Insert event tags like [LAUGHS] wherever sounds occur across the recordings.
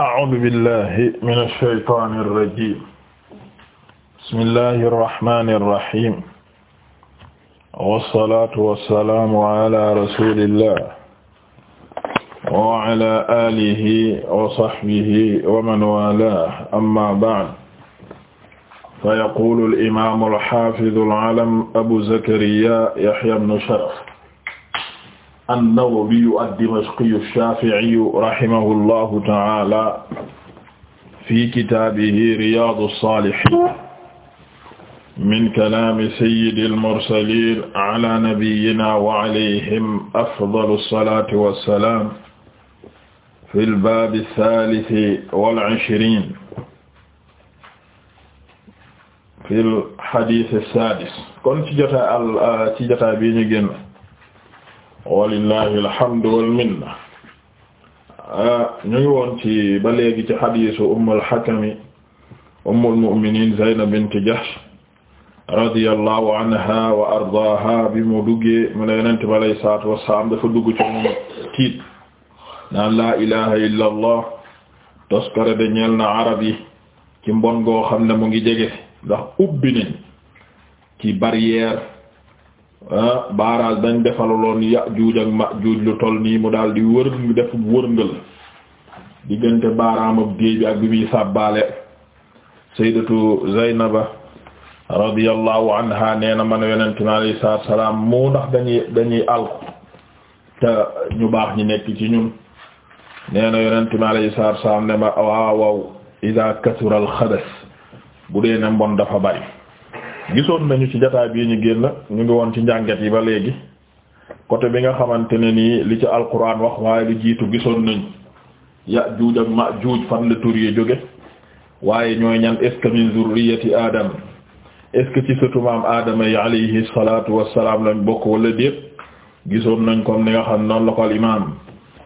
أعوذ بالله من الشيطان الرجيم بسم الله الرحمن الرحيم والصلاة والسلام على رسول الله وعلى آله وصحبه ومن والاه أما بعد فيقول الإمام الحافظ العلم أبو زكريا يحيى بن شرف an-Nawawiyu ad-Dimashqiyu ash-Shafi'iyu rahimahullahu ta'ala fi kitaabihi Riyaadu s-Saalihiin min kalaami sayyidil mursaliin ala nabiyyinaa wa alayhim afdalu s-salaati wa s-salaam fil baabi s-saalisi wal 'ishriin fil hadiisi s-saadis kon ci jotaay al ci jotaay bi ñu génn walillahi alhamdu wal minna ah, ñu ngi woon ci ba léegi ci hadiisu ummul hakami ummul mu'minin Zaynab bint Jahsh radiyallahu anha wa ardaaha bi mu duggee mu ne yonent bi alayhi salaatu wassalaam dafa dugg ci moom illa allah toskare de ñeel na arab yi ci xam ne mu ngi jege ndax ubbi nañ ci barrière Ah, baaraas dañ defalaloon Yaajuuj ak Maajuuj lu toll nii mu daal di wër def wërngël diggante baaraam ak géej bi ak bi muy sàbbaale sayyidatu Zaynaba radiyallahu anha nee na man yonent mi alayhi sa wa salaam mu ndax dañuy dañuy te ñu baax ñi nekk ci ñun nee na yonent mi alayhi salaatu wa salaam ne ma waaw waaw idaa xabas bu dee ne mbon dafa bari gisoon nañu ci jataay bii ñu génn ñu ngi woon ci njàngat yi ba léegi côté bi nga xamante ne nii li ci alquran wax waaye lu jiitu gisoon nañ ya juuj ak ma juuj fan la tur yi jóge waaye ñooy ñan est min zurriyati adam est ci sëtu maam aadama yi alayhi salatu wassalam lañ bokk wala déet gisoon nañ comme ni nga xam noonu la ko al imam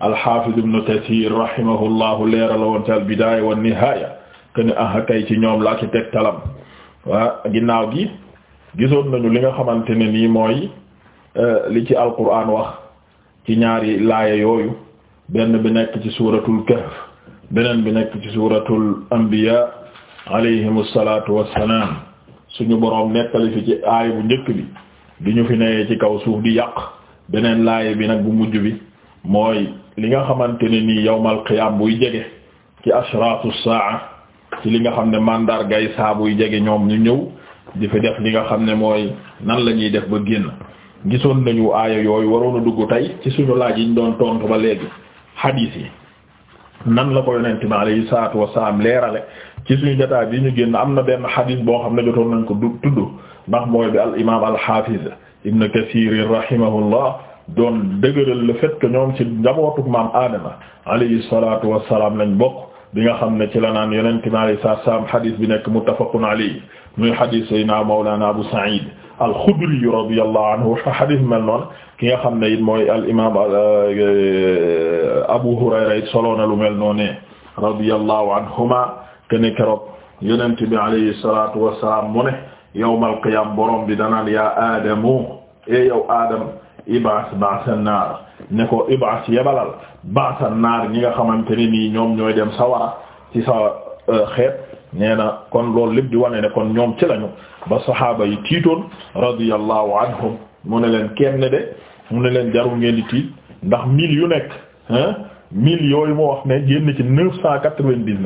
alhafiz ibn kathir rahimahullahu leerala woon ci al bidaaya wan nihaaya ken aha kay ci ñoom laa ci tegtalam wa ginnaaw gi gisoon nañu li nga xamante ne nii mooy euh, li ci alquran wax ci ñaari laaya yooyu benn bi nekk ci suuratul kahf beneen bi nekk ci suuratul anbiya alayhimu salaatu wassalaam suñu boroom nekkali fi ci aay bu njëkk bi du ñu fi newee ci kaw suuf di yàq beneen laaye bi nag bu mujj bi mooy li nga xamante ne nii yawmal qiyaam buy jege ci ashratu saa ci li nga xam ne mandargay saabuy jege ñoom ñu ñëw di fi def li nga xam ne mooy nan la ñuy def ba génn gisoon nañu aaya yooyu waroon a dugg tey ci suñu laaj yi ñu doon tontu ba léegi hadis yi nan la ko yonent bi alayhi salaatu wasalaam leerale ci suñu ñu génn am na benn hadis boo xam ne jotoon nañ ko du tudd ndax mooy bi al imaam al hafiz ibn Kathir rahimahullah doon dëgëral le fait ñoom ci njabootu maam Adama alayhi salaatu wasalaam lañ bokk. bi nga xam ne ci la naan yonent bi alayhi salaatu salaam hadis bi nekk muttafaqun alayhi muy hadis Seydina Mawlana Abu Sa'id al-Khudri radiyallahu anhu hadis mel noonu ki nga xam ne it mooy al imaam euh, euh, Abu Hurayra it solo na lu mel noonu radiyallahu anhuma kene keroog yonent bi alayhi salaatu wa salaam mu ne yawmal qiyaam borom bi danaan yaa Aadamu e yow Aadam ibas basa naar ne ko ibas yebalal basa naar ñi nga xamante ne nii ñoom ñooy dem sa ci sa euh, xeet nee na kon loolu lépp di wane ne kon ñoom ci lañu ba sahaaba yi tiitoon radiyallahu anhum mu ne leen kenn de mu ne leen jarul ngeen di tiit ndax mille yu nekk hein yooyu moo wax ne génn ci neuf cent quatre vingt dix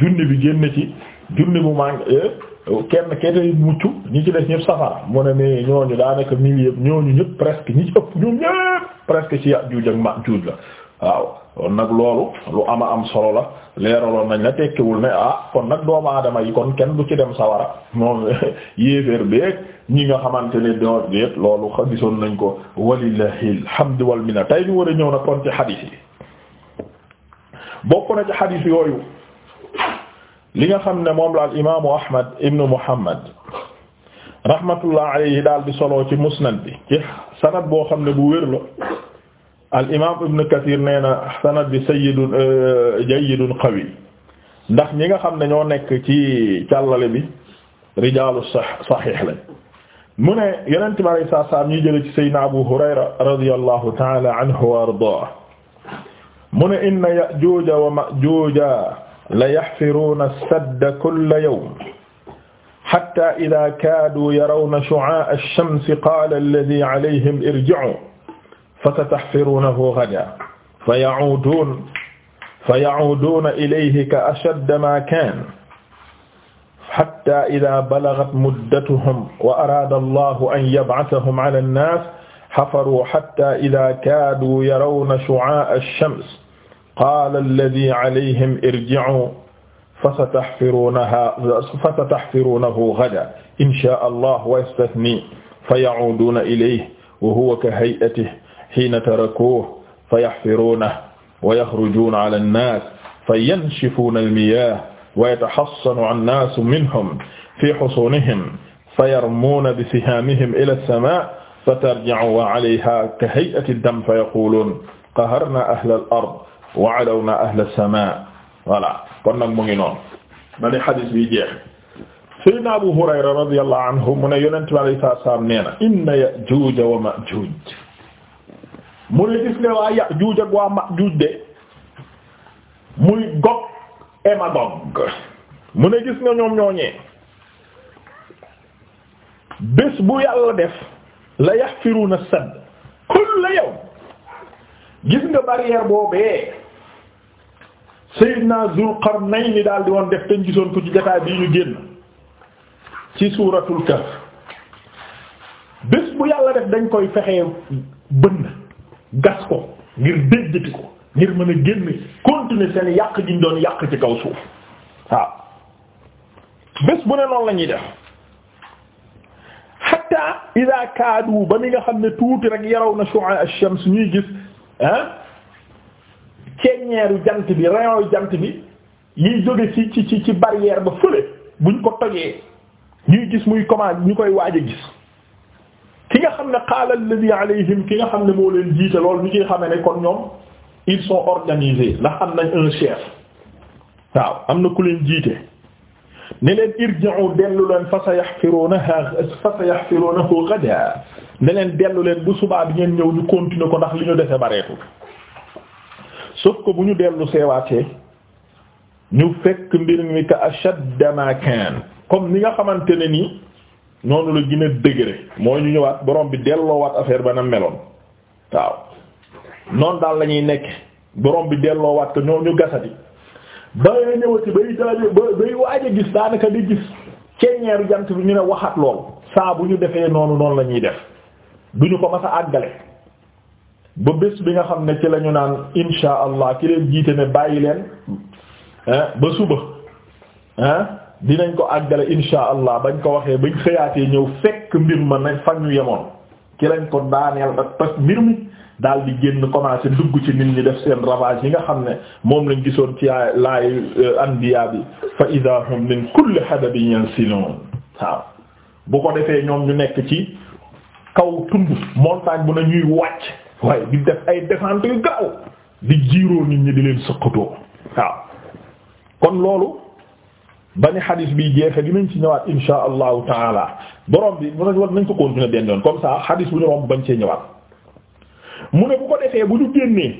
junni bi génn ci junni bu mang euh, kenn kete mucc ñi ci des ñëpp safara mu ne mais ñooñu daanaka milliers ñooñu ñëpp presque ñu ëpp ñoom ñëpp presque ci Yaajuuj ak Maajuuj la waaw kon nag loolu lu ama am solo la leeraloon nañ la tekkiwul ne ah kon nag doomu aadama yi kon kenn du ci dem sawara moom [LAUGHS] yéeféer beeg ñi nga xamante ne doo déet loolu xa gisoon nañ ko walillahi alhamdu wal minna tey ñu war a ñëw nag kon ci xadiis yi bokk na ci xadiis yooyu li nga xam ne moom la al imaamu Ahmad ibnu Muhammad rahmatullah alayhi daal di solo ci musnad bi ci sanad boo xam ne bu wér la al imaam ibnu Kathir nee na sanad bi sayyidun euh, jayyidun qawi ndax ñi nga xam ne ñoo nekk ci càllale bi rijaalu saxiix lañ mu ne yonent bi alayhi salaatu salaam ñuy ci sayyidina Abu Hurayra radiyallahu ta'ala anhu wa ardaah mu ne inna ya'juuja wa ma'juuja la yaxfiruuna sadda kulla yawm xatta idaa kaaduu yarawna shucaa'a ash-shamsi qaala alladii calayhim irjicuu fasataxfiruunahu gadan fayacuuduun fayacuuduuna ilayhi ka ashaddi maa kaana xatta idaa balagat muddatuhum wa araada allahu an yabcasahum cala annaas xafaruu xatta idaa kaaduu yarawna shucaa'a ash-shams qaala alladii alayhim irji'uu fasataxfiruunahaa fasataxfiruunahu gadan inshaa allah wa yastafnii faya'uuduuna ilayhi wa huwa kahay'atihi hiina tarakuuhu fayaxfiruunahu wa yaxrujuuna alaa nnaasi fayanshifuuna almiyaah wa yataxassanu annaasu minhum fii xusuunihim fayarmuuna bisihaamihim ilaa assamaa fatarji'u wa alayhaa kahay'ati ddam fayaquuluuna qaharnaa ahlal ard wa alawna ahla sama voilà kon nag mu ngi noonu ma ne xadis jeex sayyidina Abu Hurayra radiyallahu anhu mu ne yonent bi alayhi salaatu salaam nee na mu ne gis nga waa Ya'juuj ak waa Ma'juuj de muy Gog et Magog mu ne gis nga ñoom ñooñee bés bu yàlla def la yahfiruuna as-sadd kulla yawm gis nga barrière boobee Sayyidina Zulqarnayn daal di woon def te ñu gisoon ko ci jotaay bii ñu génn ci suuratul Kahf bés bu yàlla def dañ koy fexee bënn gas ko ngir déjjati ko ngir mën a génn continuer seen yàq gi ñu doon yàq ci kaw suuf waaw ne noonu la ñuy def hatta idaa kaadu ba ni nga xam ne tuuti rek yaraw na shu'a ash-shams ñuy gis ah. ceeñeeru jant bi rayon jant bi yiy jóge ci ci ci ci barrière ba fële buñ ko tojee ñuy gis muy commencé ñu koy waaj a gis ki nga xam ne qaala alladhi alayhim ki nga xam ne moo leen jiite loolu ñu ciy xamee ne kon ñoom ils sont organisés ndax am nañ un chef waaw am na ku leen jiite ne leen irji'u dellu leen fa sayahfirunaha fa sayahfirunahu ghadan ne leen dellu leen bu subaa bi ngeen ñëw ñu continuer ko ndax li ñu defe bareetul sauf ko bu ñu dellu seewaatee ñu fekk mbir mi ka ashadda ma comme ni nga xamante ne nii noonu la gën a dëgëre mooy ñu ñëwaat borom bi delloowaat affaire ba na meloon waaw noonu daal la ñuy nekk borom bi delloowaat ko ñoo ñu gasati ba nga ñëwati bay daal bay waaj gis daanaka di gis ceeñeeru jant bi ñu ne waxaat lool saa bu ñu defee noonu noonu la ñuy def du ñu ko mas a àggale. ba bés bi nga xam ne ci la ñu naan insha allah ki leen jiite ne bàyyi leen ba suba ah dinañ ko àggale insha allah bañ ko waxee bañ xëyaatee ñëw fekk mbir ma ne fa ñu yemoon ci lañ ko daaneel ak mbir mi daal di génn commencé dugg ci nit ñi def seen ravage yi nga xam ne moom lañ gisoon ci laay euh, anbiya bi fa idha hum min kulli hadabin yansilun waaw bu ko defee ñoom ñu nekk ci kaw tund montagne bu na ñuy wàcc waaye di def ay descente yu gaaw di jiiroo nit ñi di leen sëqatoo waaw kon loolu ba ni xadis bi jeexe dinañ ci ñëwaat insha allahu taala borom bi war nañ ko continuer benn yoon comme ça xadis bu ñu romb bañ cee ñëwaat mu ne bu ko defee bu ñu génnee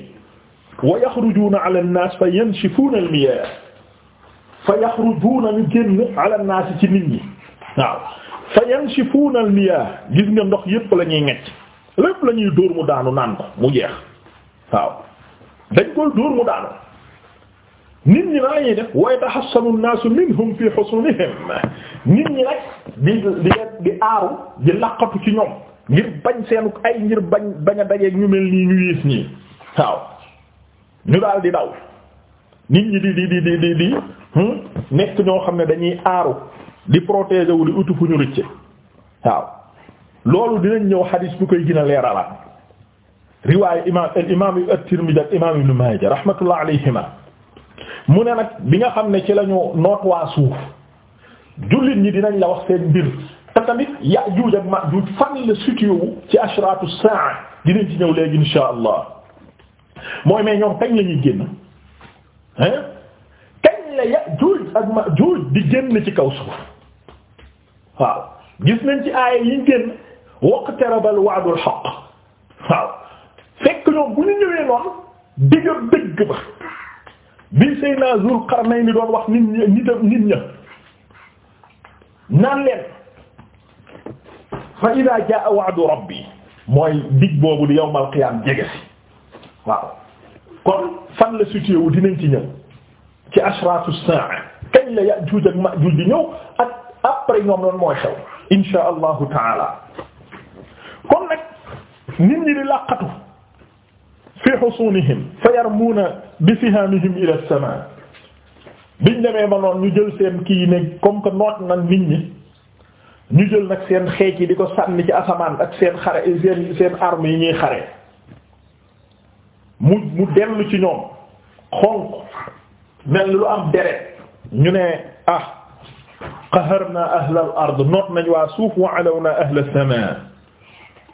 wa yaxrujuuna ala an-naas fa yanshifuuna al-miyaah fa yaxrujuuna ñu génn ala naas ci nit ñi waaw fa yanshifuuna al gis nga ndox yépp la ñuy ngecc lépp la ñuy dóor mu daanu naan ko mu jeex waaw dañ koy dóor mu daanu nit ñi nan la ñuy def wa yatahassanu an-nasu minhum fi husunihim nit ñi nag di di di aaru di laqatu ci ñoom ngir bañ seenu ay ngir bañ bañ a dajeeg ñu mel nii ñu yées ñii waaw ñu daal di daw nit ñi di di di di hmm? nekk ñoo xam ne dañuy aaru di protéger wu di utu ñu rëcce waaw loolu dinañ ñëw xadis bu koy gën a leeralaat riwaayu imaam al imaam at-Tirmidhi ak imaam Ibn Maaja rahmatullah alayhima mu ne nag bi nga xam ne ci lañu noot waa suuf jullit ñi dinañ la wax seen mbir te tamit Yaajuuj ak Maajuuj fan la situé wu ci ashraatu saa dinañ ci ñëw léegi insha allah mooy mais ñoom kañ la ñuy génn hein kañ la Yaajuuj ak Maajuuj di génn ci kaw suuf waaw gis nañ ci yi ñu waqtaraba al-wa'du al-haqq waaw fekk ñoom bu ñu ñëwee noonu digg dëgg ba bi Seydina Zul Qarnayn ni doon naan leen fa idaa jaa wa'du rabbi mooy dig boobu di yawmal qiyaam jege si waaw kon fan la situé wu dinañ ci ñëw ci ashratu saa la Yaajuuj ak Maajuuj di ñëw ak après ñoom noonu mooy xew insha allahu taala kon nag nit ñi di laqatu fi husunihim fa yarmuuna bi sihamihim ila as-samaa biñ demee ba ñu jël seen kii ne comme que noot nan nit ñi ñu jël nag seen xeej yi di ko sànni ci asamaan ak seen xare seen yi ñuy xare mu mu dellu ci ñoom xonq mel lu am deret ñu ne ah qaharna ahla al ard noot nañ waa suuf wa alawna ahla samaa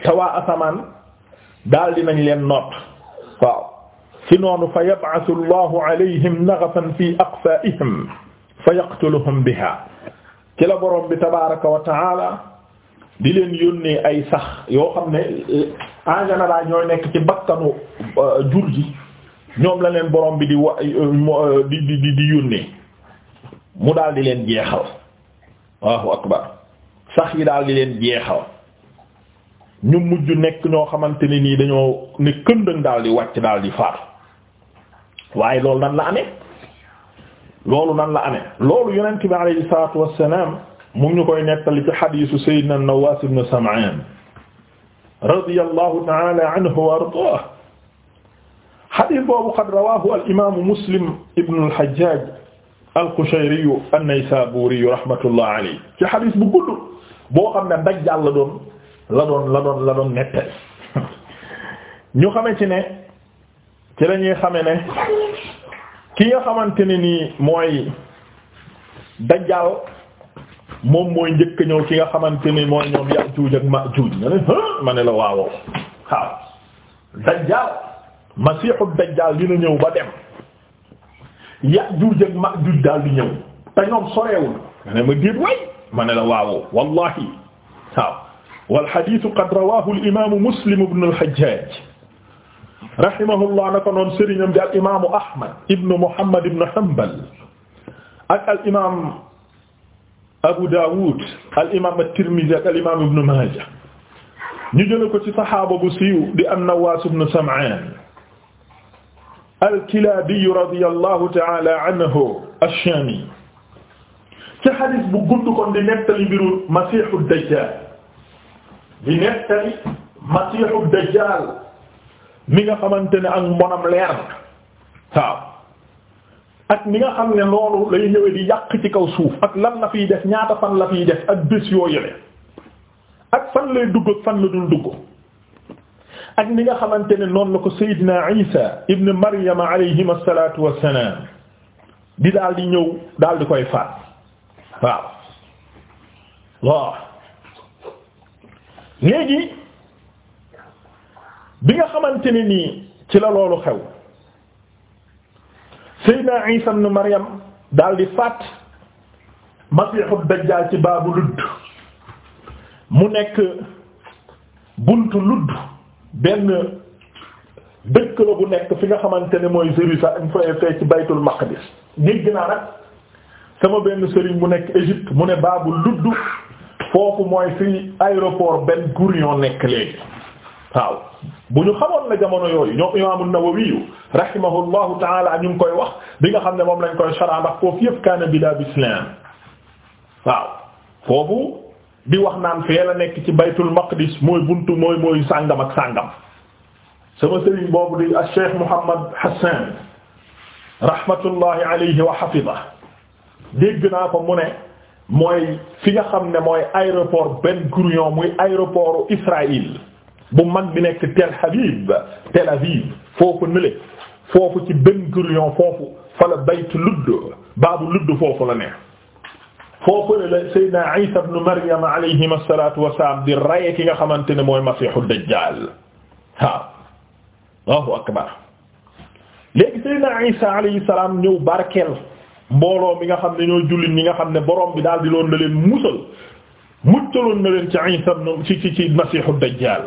te waa asamaan daal dinañ leen noot waaw ci noonu fa yab'athu Allahu alayhim naghafan fi aqfa'ihim fa yaqtuluhum biha ci la borom bi tabaaraka wa ta'ala di leen yónnee ay sax yoo xam ne en général ñooy nekk ci bakkanu euh, jur ji ñoom la leen borom bi di wa euh, di di di yónnee mu daal di leen jeexal Allahu akbar sax yi daal di leen jeexal. ñu mujj nekk ñoo xamante ni nii dañoo ne këndëng daal di wàcc daal di faatu waaye loolu nan la lool loolu nan la amee loolu yonent bi alayhi salaatu wassalaam mu ngi ñu koy nettali ci xadiisu Seydina Nawaas ibn Sam'aan radiyallahu ta'ala anhu wa ardaahu xadiis boobu qad rawaahu al imaamu Muslim ibn al-Hajjaaj al-Qushayri an-Naysaabuuri rahmatullahi alayhi ci xadiis bu gudd boo xam ne ndaj jàll doon. la doon la doon la doon nettali ñu xame ci ne ci la ñuy xame ne ki nga xamante ne nii mooy dajjaal moom mooy njëkk ñëw ki nga xamante ni mooy ñoom Yaajuuj ak Maajuuj ma ne la waawoo waaw dajjaal masiixu dajjaal dina ñëw ba dem Yaajuuj ak Maajuuj daal di ñëw te ñoom sorewul ma ne ma déet way ma ne la waawoo wallahi waaw wal hadiisu qad rawaahu al imaamu muslim ibn al hajjaaj rahimahullah naka noonu sëriñam di al imaamu ahmad ibn muhammad ibn hanbal ak al imaam abu daawud al imaam at-tirmidhi ak al imaam ibn maaja ñu jëlee ko ci saxaaba bu siiw di an-nawaas ibn sam'aan al-kilaabi radiyallahu ta'ala anhu ash-shaami ci hadiis bu gudd kon di nettali mbiru masiihu dajjaal di nettali masiixu dajjaal mi nga xamante ne ak mbonam leer na waaw ak ni nga xam ne loolu lay ñëwee di yàq ci kaw suuf ak lan la fiy def ñaata fan la fiy def ak bés yoo yële ak fan lay dugg ak fan la dul dugg ak ni nga xamante ne noonu la ko Seydina Isa ibn Maryam alayhi salaatu wassalaam di daal di ñëw daal di koy faat waaw waaw léegi bi nga xamante ne nii ci la loolu xew Seydina Isa ibn Maryam daal di faat Masiixu Dajjaal ci baabu ludd mu nekk buntu ludd benn dëkk la bu nekk fi nga xamante ne mooy Jérusalem fee ci Baytul Maqdis dégg naa nag sama benn sëriñ bu nekk Égypte mu ne baabu ludd foofu mooy fi aéroport Ben Gourion nekk léegi waaw bu ñu xamoon na jamono yooyu ñoom imaamu ñu ngi koy wax bi nga xam ne moom lañ koy sara ndax foofu yëpp kaana bilaad islam waaw foofu di wax naan fee la nekk ci baytul maqdis mooy buntu mooy mooy sàngam ak sàngam sama sëriñ boobu di Cheikh Mouhammad Hassan rahmatullahi alayhi wa hafidah dégg naa ko mu mooy fi nga xam ne mooy aéroport Ben Gourion muy aéroport Israël bu mag bi nekk Tel Aviv Tel Aviv foofu nële foofu ci Ben Gourion foofu fa la bayt ludd baabu ludd foofu la ne foofu la Seydina Isa ibn Maryam alayhim asalatu wasalaam di raye nga xamante ne mooy Masiixu Dajjaal waaw Allahu akbar léegi Seydina Isa alayhi salaam ñëw mbooloo mi nga xam ne ñooy jullit ñi nga xam ne borom bi daal di loon na leen musal muccaloon na leen ci Isa ci ci ci masiixu dajjaal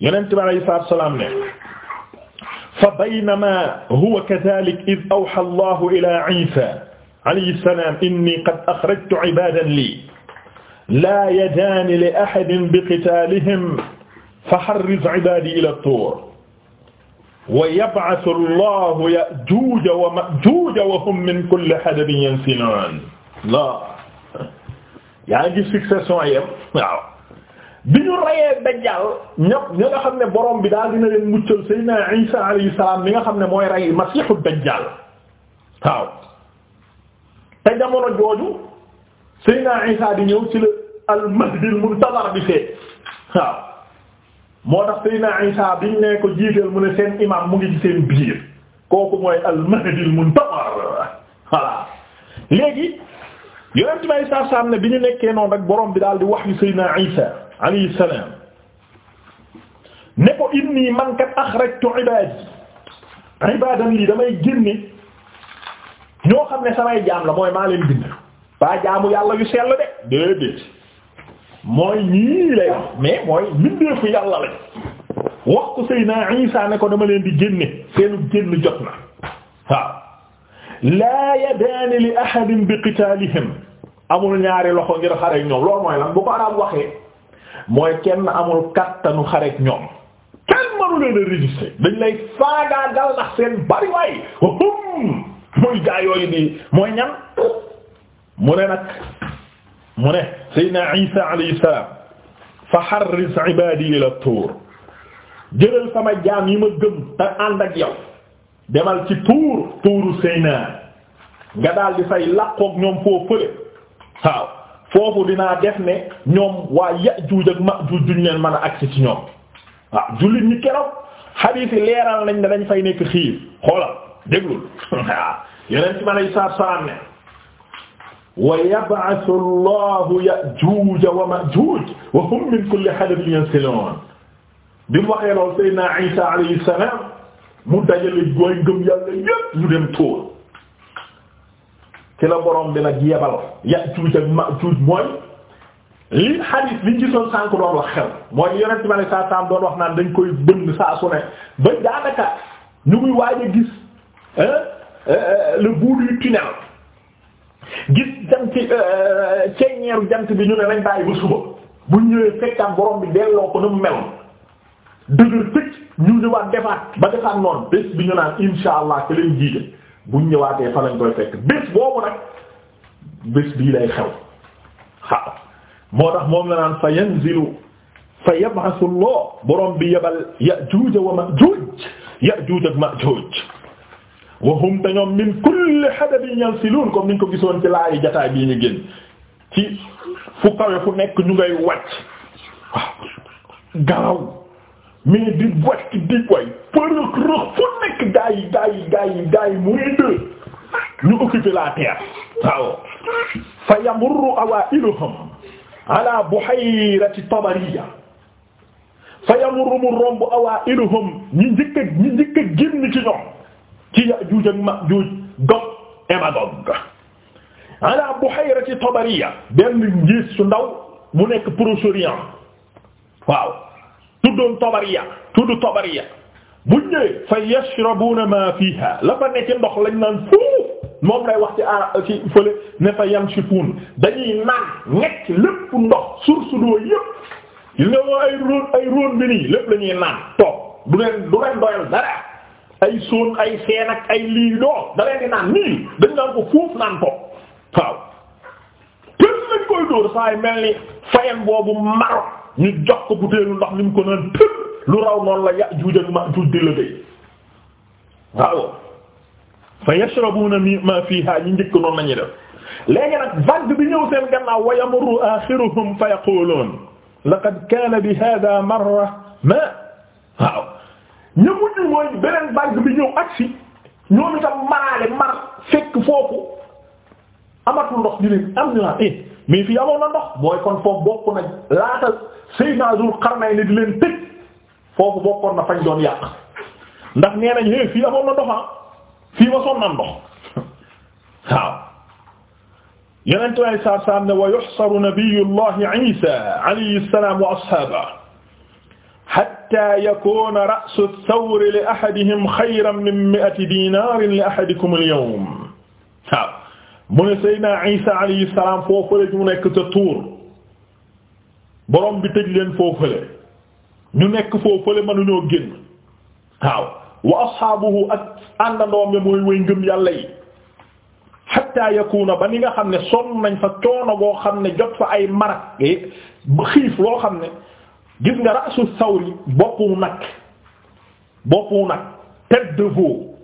yonent bi alayhi salaatu salaam ne fa baynama huwa kadhalik id awha allahu ila Isa alayhi salaam inni qad axrajtu ibaadan lii laa yadaani li ahadin biqitaalihim fa harriz ibaadii ila tuur wa yab'athu Allahu ya'juuja wa ma'juuja wa hum min kulli hadabin yansiluun la yaa ngi succession yem waaw bi ñu rayee Dajjaal ñëpp ñi nga xam ne borom bi daal dina leen muccal Seydina Isa alayhi salaam mi nga xam ne mooy rey Masiixu Dajjaal waaw te jamono jooju Seydina Isa di ñëw ci la al-Mahdi al-muntazar bi fee waaw. moo tax Seydina Isa biñ ne ko jiiteel mu ne seen imam mu ngi ci seen biir kooku mooy al-Mahdi al-Muntamar voilà léegi yonent bi ay saa saam ne bi ñu nekkee noonu rek borom bi daal di wax yu Seydina Isa alayhi salaam ne ko inni man kat axrajtu ibaadi ibadan lii damay génne ñoo xam ne samay jaam la mooy maa leen bind ba jaamu yàlla yu sell de déedéet mooy ñii lay wax mais mooy mbindeefu yàlla lañ wax ko Seydina Isa ne ko dama leen di génne seenu génn jot na waaw laa yadaani li ahadin bi qitaalihim amul ñaari loxo ngir xare ñoom loolu mooy lan bu ko arab waxee mooy kenn amul kattanu xare ñoom kenn mënu leen a résister dañ lay faagaagal ndax seen bariwaay mooy gaa yooyu di mooy ñan mu ne nag mu ne Seydina Isa alayhi salaam fa harris ibadi ila tuur jëlal sama jaam yi ma gëm te ànd ak yow demal ci tuur tuuru Seynaa nga daal di fay làqoog ñoom foo fële waaw foofu dinaa def ne ñoom waa Yaajuuj ak Maajuuj duñ leen mën a agsi ci ñoom waaw jullit ñi keroog xadiis yi leeral nañ ne dañ fay nekk xiir xoolal déglul [LAUGHS] waaw yeneen ci ma lay saar saar ne wa yab'athu Allahu ya'juuja wa ma'juuja wa hum min kulli hadabin yansiluun bi mu waxee lool Seydina Isa alayhi salaam mu dajale gooy ngëm yàlla yépp ñu dem Tuur ci la borom bi nag yebal ya'juuj ak ma'juuj mooy li hadith liñ gisoon sànk doon wax xel mooy yonent bi alayhi salaam doon wax naan dañ koy bënn saa su ne ba daanaka ñu muy waaj a gis euh, euh, le bout du tunnel gis jant euh, ceeñeeru jant bi ñu ne lañ bàyyi ba suba bu ñëwee fekkaan borom bi delloo ko na mu meloon dëgër fëcc ñu ñëwaat defaat ba defaat noonu bés bi ñu naan insha allah ke leen jiite buñ fa lañ koy fekk bés boobu nag bés bii lay xew xaw moo tax moom la naan fa yanzilu fa yab'athu allah borom bi yebal ya'juj wa ma'juj ya'juj ak ma'juj wa hum te ñoom min kulli hadabin yansiluun comme niñ ko gisoon ci laayi jataay bii ñu génn ci fu kawe fu nekk ñu ngay wàcc waaw garaw mais di wàcc di way përëx rëx fu nekk gaa yi gaa yi gaa yi gaa yi muy dë ñu occupé la terre waaw fa yamurru awailuhum buhayrati tabariya fa yamurru mu romb awailuhum ñi njëkk a njëkk a génn ci ñoom ci Yaajuuj ak Maajuuj Gog et buhayrati Tabariya benn njiit su ndaw mu nekk Proche-Orient waaw tuddoon Tabariya tudd Tabariya bu ñëwee fa yashrabuuna maa fiihaa la fa nekk ndox lañ naan fuuf moom lay wax ci ara ci fële ne fa yamshifuun dañuy naan nekk lépp ndox source d'eau yépp il waa ay róon ay róon bi nii lépp la ñuy naan dara ay sóon ay seen ay lii doo da di naan nii dañ naan ko fuuf naan ko waaw tël lañ koy dóor saay mel ni boobu maro ñu jox ko butéelu ndox ni mu ko naan tël lu raw noonu la Yaajuuj ak Maajuuj di la day waaw fa yashrabuna ma fiha ñu njëkk noonu lañuy def léegi nag vague bi ñëw seen gannaaw wa yamurru axiruhum fa yaquluun laqad kaana bi hada marra ma waaw ña mujj mooy beneen banque bi ñëw agsi ñoom itam maraale mar fekk foofu amatul ndox di leen am ñu naan eh mais fii amoon na ndox mooy kon foofu bokk na laata Sayyidina Zul Qarnayni di leen tëj foofu bokkoon na fañ doon yàq ndax a nañ eh fii amoon na ndox ah fii ma sonn na ndox [LAUGHS] waaw. yeneen tubaab yi saa saa ne wa yuhsaru nabiyullahi Isa alayhi salaam wa ashaabuhu xatta yakuuna ra'su thawri li ahadihim xayran min mi'ati dinaarin li ahadikum al-yawm waaw mu ne Seydina Isa alayhi salaam foofule ñu nekk ca Tuur borom bi tëj leen foofule ñu nekk foofule mënuñoo génn waaw wa ashaabuhu ak àndandoom ya mooy way ngëm yàlla yi xatta yakuna ba ni nga xam ne sonn nañ fa coono boo xam ne jot fa ay marak eh, xiif loo xam ne. gis nga rasu sawri boppu nag boppu nag tête de veau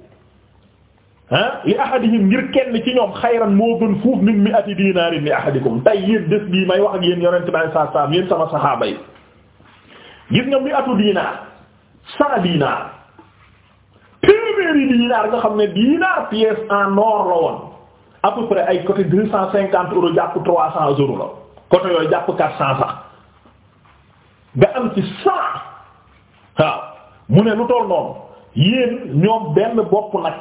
ah li ahadihim ngir kenn ci ñoom xayran moo gën fuuf min mi ati dinaarin li ahadikum tey yéen des bii may wax ak yéen yonent bi saa saa yéen sama saxaaba yi gis nga mi atu dinaar cent dinaar téeméeri dinaar nga xam ne dinaar pièce en or la woon à peu près ay côté deux cent cinquante euros jàpp trois cent euros la côté yooyu jàpp quatre cent sax. nga am ci cent waaw mu ne lu toll noonu yéen ñoom benn bopp nag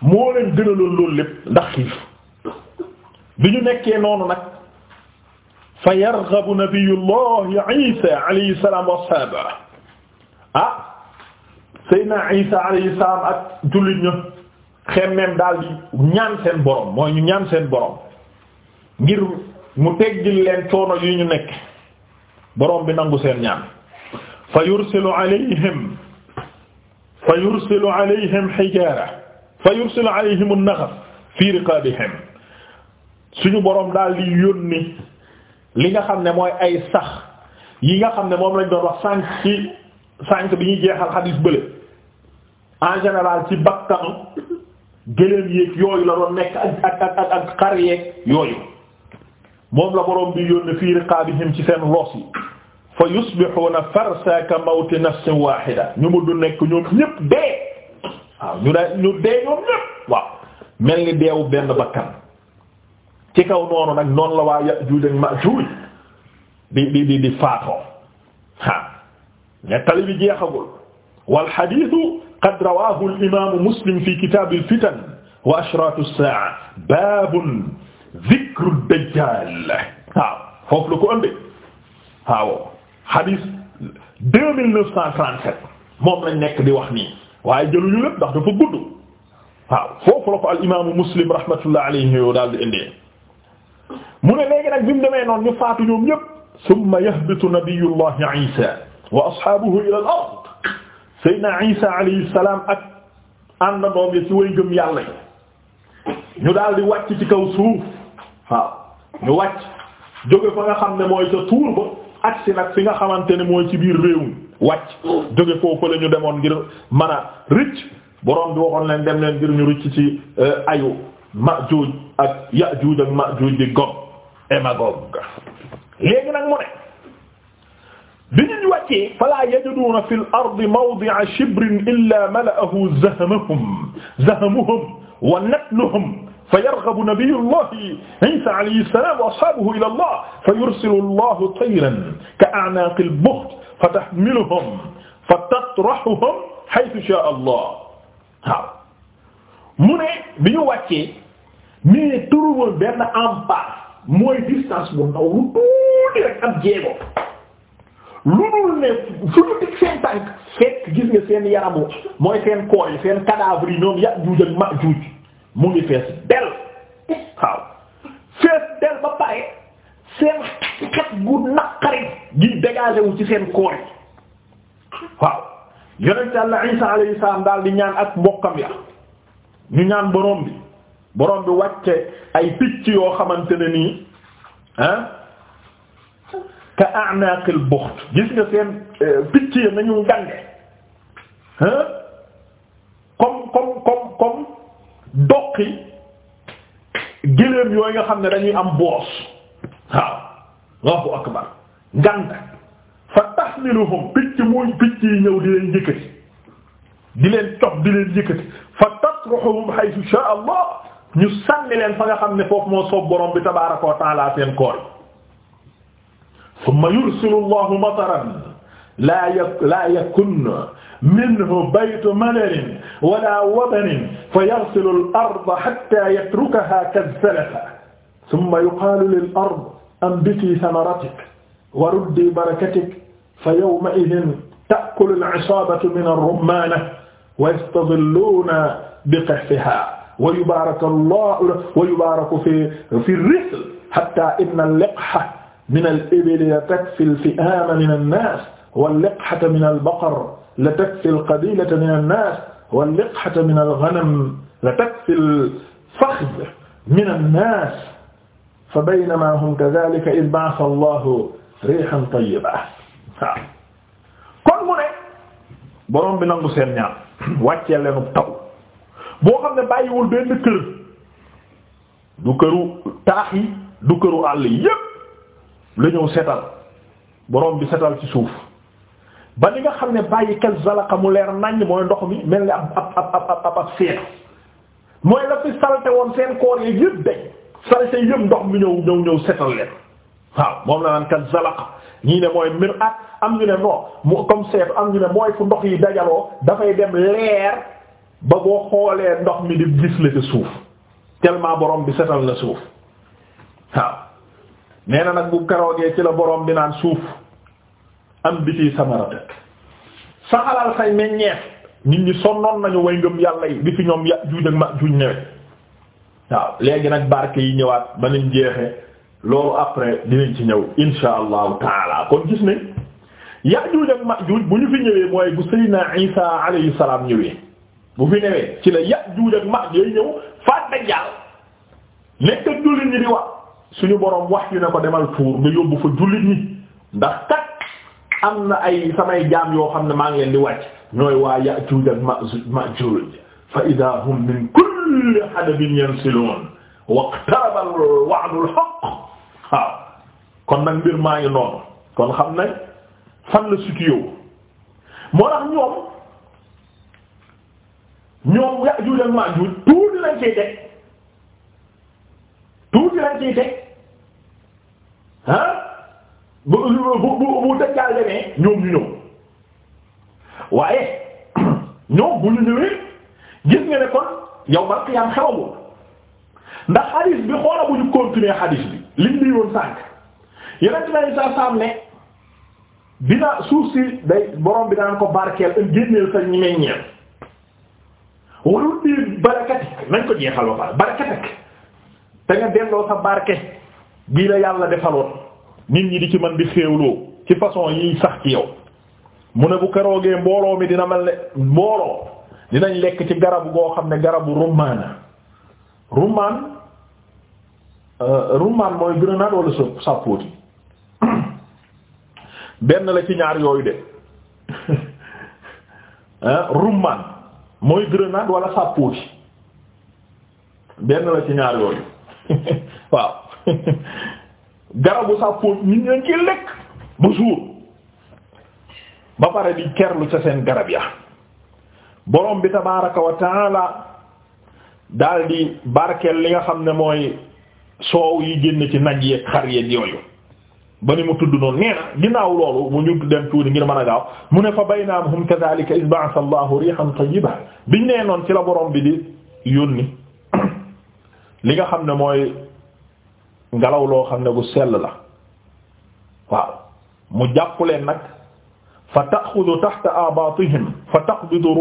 moo leen gënaloon loolu lépp ndax xiif bi ñu nekkee noonu nag fa yarghabu nabiyullah isa alayhi salaam wa sahaba ah sayna isa ak jullit ñu xemmeem daal di ñaan seen borom mooy ñu ñaan seen borom ngir mu teggil leen coono yu ñu nekk borom bi nangu seen ñaan fa yursilu alayhim fa yursilu alayhim hijaara fa yursilu alayhim an-naghaf fi riqaabihim daal di yónni li nga xam ne mooy ay sax yi nga xam ne moom lañ doon wax sànq ci sànq bi ñuy jeexal xadiis bële en général ci bakkanu gëléem yéeg yooyu la doon nekk ak ak ak ak xar yooyu moom la borom bi yónni fii riqaabihim ci seen los yi fa yusbihuna farsa ka mawti nafsin wahida ñu muddu nekk ñoom ñëpp dee waaw ñu daa ñu dee ñoom ñëpp waaw mel ni deewu benn bakkan ci kaw noonu nag noonu la waa Yaajuuj ak Maajuuj di di di di faatoo ah nettali bi jeexagul wal hadiisu qad rawaahu al imaamu Muslim fi kitaabil fitan wa ashraatu as-saa'a baabun zikru dajjal waaw foofu la ko ënde waaw hadith deux mille neuf cent trente-sept moom lañ nekk di wax nii waaye jëluñu lépp ndax dafa gudd waaw foofu la ko al imaamu muslim rahmatullah alayhi yow daal di indee mu ne léegi nag bi mu demee noonu ñu faatu ñoom ñëpp summa yahbitu nabiyullahi isa wa ashaabuhu ila al ard sayyidina isa alayhi salaam ak àndandoom yi ci way gëm yàlla yi ñu daal di wàcc ci kaw suuf waaw ñu wàcc jóge fa nga xam ne mooy sa tuur ba agsi nag fi nga xamante ne mooy ci biir réew mi wàcc jóge foofu la ñu demoon ngir mën a rëcc borom bi waxoon leen dem leen ngir ñu rëcc ci euh, ayu Majuuj ak Yajuuj ak Majuuj di Gog et Magog léegi nag mu ne bi ñu wàccee falaa yajiduuna fil ardi mawdi'a shibrin illaa mala'ahu zahmuhum zahmuhum wa natluhum fa yarghabu nabiyullahi Isa alayhi salaam wa ashaabuhu ila Allah fa yursilu Allahu tayran ka a'naaqil buxt fa tahmiluhum fa tatrahuhum haythu shaa'a Allah waaw mu ne bi ñu wàccee mais turuwul benn empas mooy distance bu ndaw lu tuuti rek ab jéego lu dul ne fu ñu teg seen tànk fekk gis nga seen yaramu mooy seen koor yi seen cadavre yi ñoom Yaajuuj ak Maajuuj mu ngi fees del waaw fees del ba pare seen xet gu naqari gi dégagé ci seen koor yi waaw yonent Yàlla Isa alayhi salaam daal di ñaan ak mbokkam ya ñu ñaan borom bi borom bi wàcce ay picc yoo xamante ne nii ah ka a'naqil bukht gis nga seen euh, picc ya nañu ngande ah comme comme comme comme doqi géléem yooyu nga xam ne dañuy am boos waaw Allahu akbar ngànt fa tahmiluhum picc muy picc yi ñëw di leen yëkkati di leen cob di leen yëkkati fa tasruhuhum haythu sha Allah ñu sànni leen fa nga xam ne foofu moo soob borom bi tabaaraka wa ta'ala seen koor thumma yursilu Allahu mataran la yakun minhu baytu malarin wala wabanin fa yaghsilu al-arda hatta yatrukaha kadh-thalath thumma yuqalu lil-ardi anbiti thamaratik wa ruddi barakatik fa yawma'idhin ta'kulu al-'isabatu min ar-rummanati wa yastadhilluna biqihfiha wa yubaaraku Allahu lahu wa yubaaraku fi fi ar-risl hatta inna al-liqha min al-ibli takfi al-fi'ama min an-nas wal-liqhata min al-baqar la takfi al-qadilata min an-nas wal-liqhata min al-ghanam la takfi al-fakhdha min an-nas fa baynama hum kadhalika idh ba'atha Allahu rihan tayyibah kon mu ne borom bi nangu seen ñaan wàccee leenu taw boo xam ne bàyyiwul benn kër du këru taax yi du këru àll yépp la ñëw setal borom bi setal ci suuf ba li nga xam ne bàyyi kel zalaka mu leer naññ mooy ndox mi mel ni ab ab ab ab ab ab mooy la fi salte woon seen koor yi yëpp dañ salte yëpp ndox mi ñëw ñëw ñëw setal leen waaw moom la naan kel zalaka ñii ne mooy mir at am ñu ne mu comme seet am mooy fu ndox yi dajaloo dafay dem leer ba boo xoolee ndox mi di gis la ci suuf tellement borom bi setal na suuf waaw nee na nag bu karoogee ci la borom bi naan suuf. am bi ci samaratak sa alal say meññeef nit ñi sonnoon nañu way ngëm yàlla yi bi fi ñoom ya juuj ak ma juuj waaw léegi nag barke yi ñëwaat ba nañ jeexe loolu dinañ ci ñëw insha allahu taala kon gis bu ñu fi ñëwee mooy bu Seydina Isa alayhi ñëwee bu fi ñëwee ci la yaajuuj ak maajuuj ñëw faat Dajjaal nekk ak jullit ñi di wax suñu boroom wax ñu ne ko demal tuur nga yóbbu fa jullit ñi ndax am na ay samay jaam yoo xam ne maa ngi leen di wàcc ñooy waa Yaajuuj ak Maajuuj fa idaa hum min kulli hadabin yansiluun waqtaraba al-wa'dul haqq kon nag mbir maa ngi noonu kon xam nañ fan la situé moo tax ñoom ñoom Yaajuuj ak Maajuuj tuuti lañ ciy teg tuuti bu bu bu dajjaal demee ñoom ñu ñëw waaye [CLEARS THROAT] ñoom bu ñu ñëwee gis ne kon yow man xiyaam xewagul ndax xadis bi xoola bu ñu continuer xadis bi liñ di yoon sànk yeneen ne dina suuf si day borom bi daan ko barkeel ak génneel sa ñi meññeel warul di barakatik nañ ko jeexal ba pare te nga delloo sa barke bii la yàlla defaloon nit ñi di ci man di xéewloo ci façon yi sax ci yow mu ne bu keroogee mbooloo mi dina mel ne mbooloo dinañ lekk ci garabu goo xam ne garabu rummaana rummaan euh, rummaan mooy grenade wala sa sàppooti [COUGHS] benn la ci ñaar yooyu de [COUGHS] rummaan mooy grenade wala sàppooti benn la ci ñaar yooyu [LAUGHS] waaw [LAUGHS] garabu sàppoon nit ñaa ngi ciy ba suur ba pare di kerlu ca seen garab ya borom bi tabaaraka wa taala daal di barkeel li nga xam ne mooy soow yi génn ci nag yeeg xar yeeg yooyu ba ni mu tudd noonu nee ginnaaw loolu mu ñu dem tuuti ngir man a gaaw mu ne fa baynaahum kadhalika iz ba'atha Allahu rihan tayyiba biñ nee noonu ci la borom bi di yónni [COUGHS] li nga xam ne mooy. ngelaw loo xam ne gu sell la waaw mu jàpp leen nag fa ta'khudhu tahta abatihim fa taqbidu